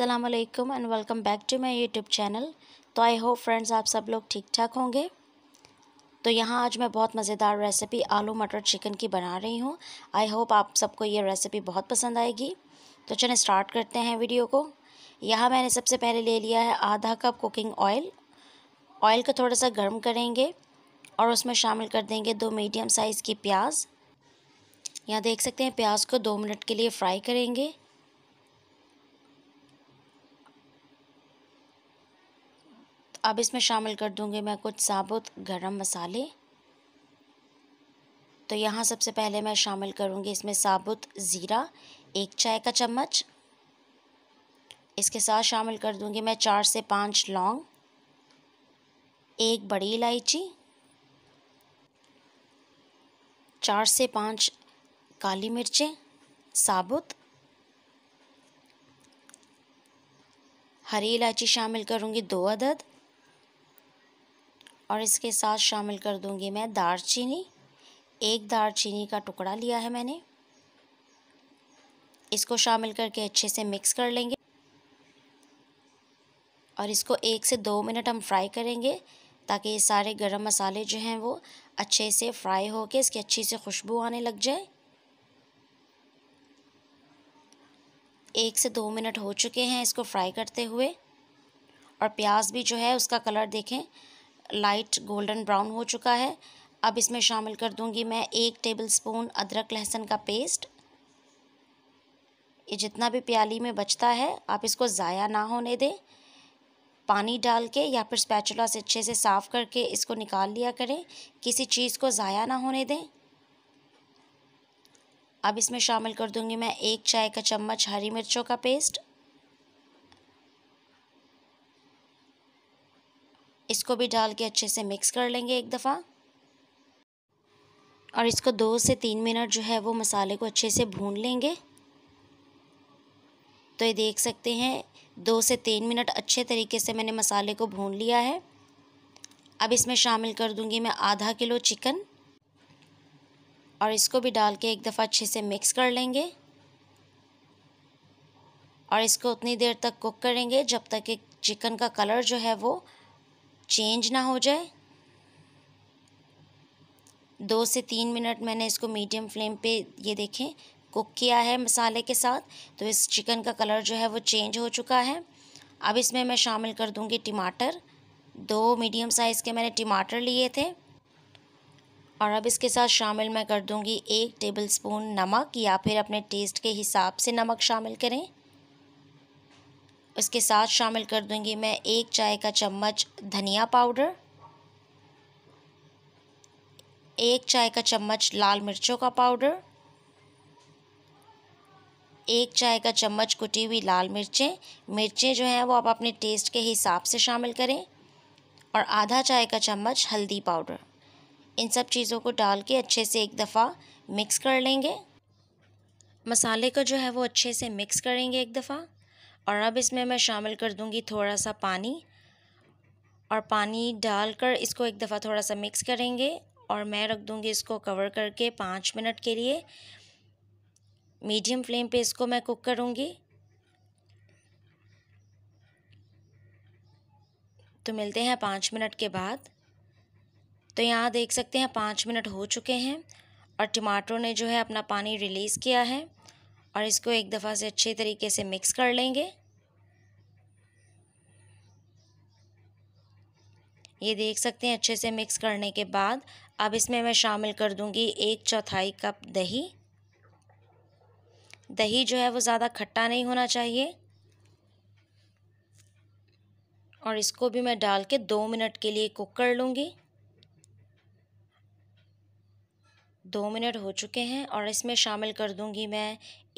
वालेकुम and welcome back to my YouTube channel तो I hope friends आप सब लोग ठीक ठाक होंगे तो यहाँ आज मैं बहुत मज़ेदार रेसिपी आलू मटर चिकन की बना रही हूँ आई होप आप सबको ये रेसिपी बहुत पसंद आएगी तो चलें स्टार्ट करते हैं वीडियो को यहाँ मैंने सबसे पहले ले लिया है आधा कप कुकिंग ऑयल ऑयल को थोड़ा सा गर्म करेंगे और उसमें शामिल कर देंगे दो मीडियम साइज़ की प्याज यहाँ देख सकते हैं प्याज को दो मिनट के लिए फ्राई करेंगे अब इसमें शामिल कर दूंगी मैं कुछ साबुत गरम मसाले तो यहाँ सबसे पहले मैं शामिल करूँगी इसमें साबुत ज़ीरा एक चाय का चम्मच इसके साथ शामिल कर दूँगी मैं चार से पाँच लौंग एक बड़ी इलायची चार से पाँच काली मिर्चें साबुत हरी इलायची शामिल करूँगी दो अदद और इसके साथ शामिल कर दूंगी मैं चीनी एक चीनी का टुकड़ा लिया है मैंने इसको शामिल करके अच्छे से मिक्स कर लेंगे और इसको एक से दो मिनट हम फ्राई करेंगे ताकि ये सारे गरम मसाले जो हैं वो अच्छे से फ्राई हो के इसकी अच्छी से खुशबू आने लग जाए एक से दो मिनट हो चुके हैं इसको फ्राई करते हुए और प्याज भी जो है उसका कलर देखें लाइट गोल्डन ब्राउन हो चुका है अब इसमें शामिल कर दूंगी मैं एक टेबल स्पून अदरक लहसुन का पेस्ट ये जितना भी प्याली में बचता है आप इसको ज़ाया ना होने दें पानी डाल के या फिर स्पैचुला से अच्छे से साफ़ करके इसको निकाल लिया करें किसी चीज़ को ज़ाया ना होने दें अब इसमें शामिल कर दूंगी मैं एक चाय का चम्मच हरी मिर्चों का पेस्ट इसको भी डाल के अच्छे से मिक्स कर लेंगे एक दफ़ा और इसको दो से तीन मिनट जो है वो मसाले को अच्छे से भून लेंगे तो ये देख सकते हैं दो से तीन मिनट अच्छे तरीके से मैंने मसाले को भून लिया है अब इसमें शामिल कर दूंगी मैं आधा किलो चिकन और इसको भी डाल के एक दफ़ा अच्छे से मिक्स कर लेंगे और इसको उतनी देर तक कुक करेंगे जब तक कि चिकन का कलर जो है वो चेंज ना हो जाए दो से तीन मिनट मैंने इसको मीडियम फ्लेम पे ये देखें कुक किया है मसाले के साथ तो इस चिकन का कलर जो है वो चेंज हो चुका है अब इसमें मैं शामिल कर दूँगी टमाटर दो मीडियम साइज़ के मैंने टमाटर लिए थे और अब इसके साथ शामिल मैं कर दूँगी एक टेबलस्पून नमक या फिर अपने टेस्ट के हिसाब से नमक शामिल करें उसके साथ शामिल कर दूंगी मैं एक चाय का चम्मच धनिया पाउडर एक चाय का चम्मच लाल मिर्चों का पाउडर एक चाय का चम्मच कुटी हुई लाल मिर्चें मिर्चें जो हैं वो आप अपने टेस्ट के हिसाब से शामिल करें और आधा चाय का चम्मच हल्दी पाउडर इन सब चीज़ों को डाल के अच्छे से एक दफ़ा मिक्स कर लेंगे मसाले को जो है वो अच्छे से मिक्स करेंगे एक दफ़ा और अब इसमें मैं शामिल कर दूँगी थोड़ा सा पानी और पानी डालकर इसको एक दफ़ा थोड़ा सा मिक्स करेंगे और मैं रख दूँगी इसको कवर करके पाँच मिनट के लिए मीडियम फ्लेम पे इसको मैं कुक करूँगी तो मिलते हैं पाँच मिनट के बाद तो यहाँ देख सकते हैं पाँच मिनट हो चुके हैं और टमाटरों ने जो है अपना पानी रिलीज़ किया है और इसको एक दफ़ा से अच्छे तरीके से मिक्स कर लेंगे ये देख सकते हैं अच्छे से मिक्स करने के बाद अब इसमें मैं शामिल कर दूंगी एक चौथाई कप दही दही जो है वो ज़्यादा खट्टा नहीं होना चाहिए और इसको भी मैं डाल के दो मिनट के लिए कुक कर लूँगी दो मिनट हो चुके हैं और इसमें शामिल कर दूंगी मैं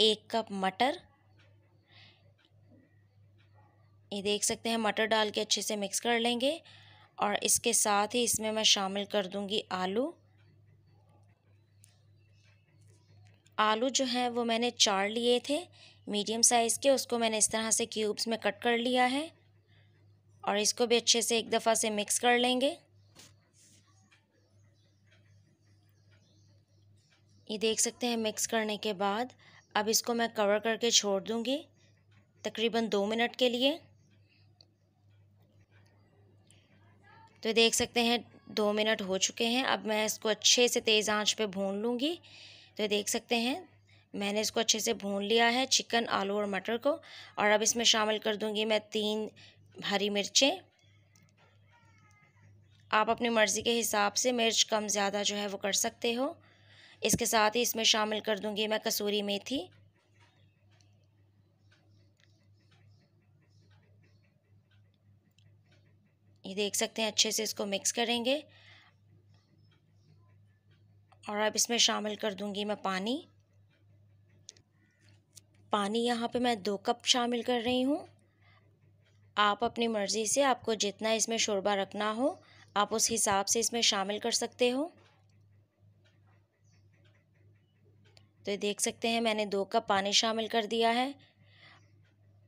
एक कप मटर ये देख सकते हैं मटर डाल के अच्छे से मिक्स कर लेंगे और इसके साथ ही इसमें मैं शामिल कर दूंगी आलू आलू जो हैं वो मैंने चार लिए थे मीडियम साइज़ के उसको मैंने इस तरह से क्यूब्स में कट कर लिया है और इसको भी अच्छे से एक दफ़ा से मिक्स कर लेंगे ये देख सकते हैं मिक्स करने के बाद अब इसको मैं कवर करके छोड़ दूँगी तकरीबन दो मिनट के लिए तो देख सकते हैं दो मिनट हो चुके हैं अब मैं इसको अच्छे से तेज़ आंच पे भून लूँगी तो देख सकते हैं मैंने इसको अच्छे से भून लिया है चिकन आलू और मटर को और अब इसमें शामिल कर दूँगी मैं तीन हरी मिर्चें आप अपनी मर्ज़ी के हिसाब से मिर्च कम ज़्यादा जो है वो कर सकते हो इसके साथ ही इसमें शामिल कर दूंगी मैं कसूरी मेथी ये देख सकते हैं अच्छे से इसको मिक्स करेंगे और अब इसमें शामिल कर दूंगी मैं पानी पानी यहाँ पे मैं दो कप शामिल कर रही हूँ आप अपनी मर्ज़ी से आपको जितना इसमें शोरबा रखना हो आप उस हिसाब से इसमें शामिल कर सकते हो तो देख सकते हैं मैंने दो कप पानी शामिल कर दिया है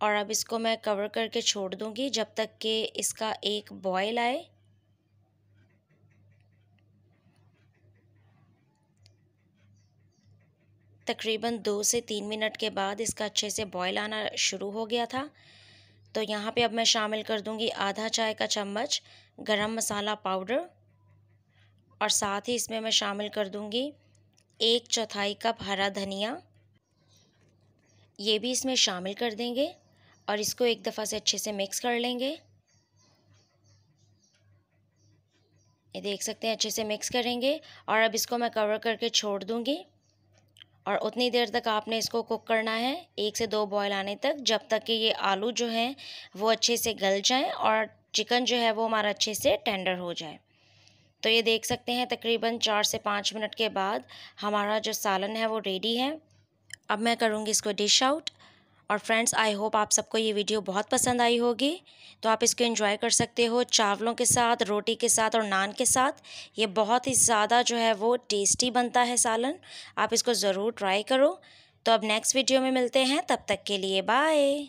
और अब इसको मैं कवर करके छोड़ दूंगी जब तक कि इसका एक बॉयल आए तकरीबन दो से तीन मिनट के बाद इसका अच्छे से बॉयल आना शुरू हो गया था तो यहाँ पे अब मैं शामिल कर दूंगी आधा चाय का चम्मच गरम मसाला पाउडर और साथ ही इसमें मैं शामिल कर दूंगी एक चौथाई कप हरा धनिया ये भी इसमें शामिल कर देंगे और इसको एक दफ़ा से अच्छे से मिक्स कर लेंगे ये देख सकते हैं अच्छे से मिक्स करेंगे और अब इसको मैं कवर करके छोड़ दूँगी और उतनी देर तक आपने इसको कुक करना है एक से दो बॉयल आने तक जब तक कि ये आलू जो हैं वो अच्छे से गल जाएं और चिकन जो है वो हमारा अच्छे से टेंडर हो जाए तो ये देख सकते हैं तकरीबन चार से पाँच मिनट के बाद हमारा जो सालन है वो रेडी है अब मैं करूँगी इसको डिश आउट और फ्रेंड्स आई होप आप सबको ये वीडियो बहुत पसंद आई होगी तो आप इसको एंजॉय कर सकते हो चावलों के साथ रोटी के साथ और नान के साथ ये बहुत ही ज़्यादा जो है वो टेस्टी बनता है सालन आप इसको ज़रूर ट्राई करो तो अब नेक्स्ट वीडियो में मिलते हैं तब तक के लिए बाय